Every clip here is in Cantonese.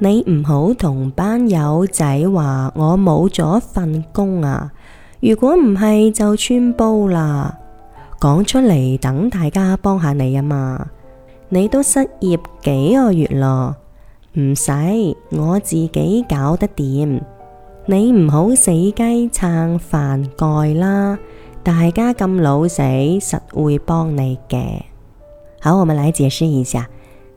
.你唔好同班友仔話我冇咗份工啊！如果唔係就穿煲啦，講出嚟等大家幫下你啊嘛！你都失業幾個月咯，唔使，我自己搞得掂。你唔好死雞撐飯蓋啦，大家咁老死實會幫你嘅。好，我們來解釋一下。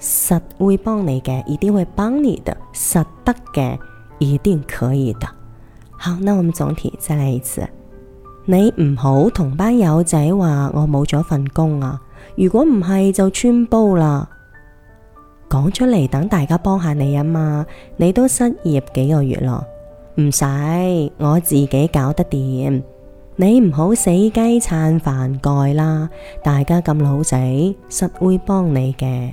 實會幫你嘅，一定會幫你嘅，實得嘅，一定可以的。好，那我們總體再來一次。你唔好同班友仔話我冇咗份工啊。如果唔係就穿煲啦，講出嚟，等大家幫下你啊嘛。你都失業幾個月咯，唔使，我自己搞得掂。你唔好死雞撐飯蓋啦，大家咁老死，實會幫你嘅。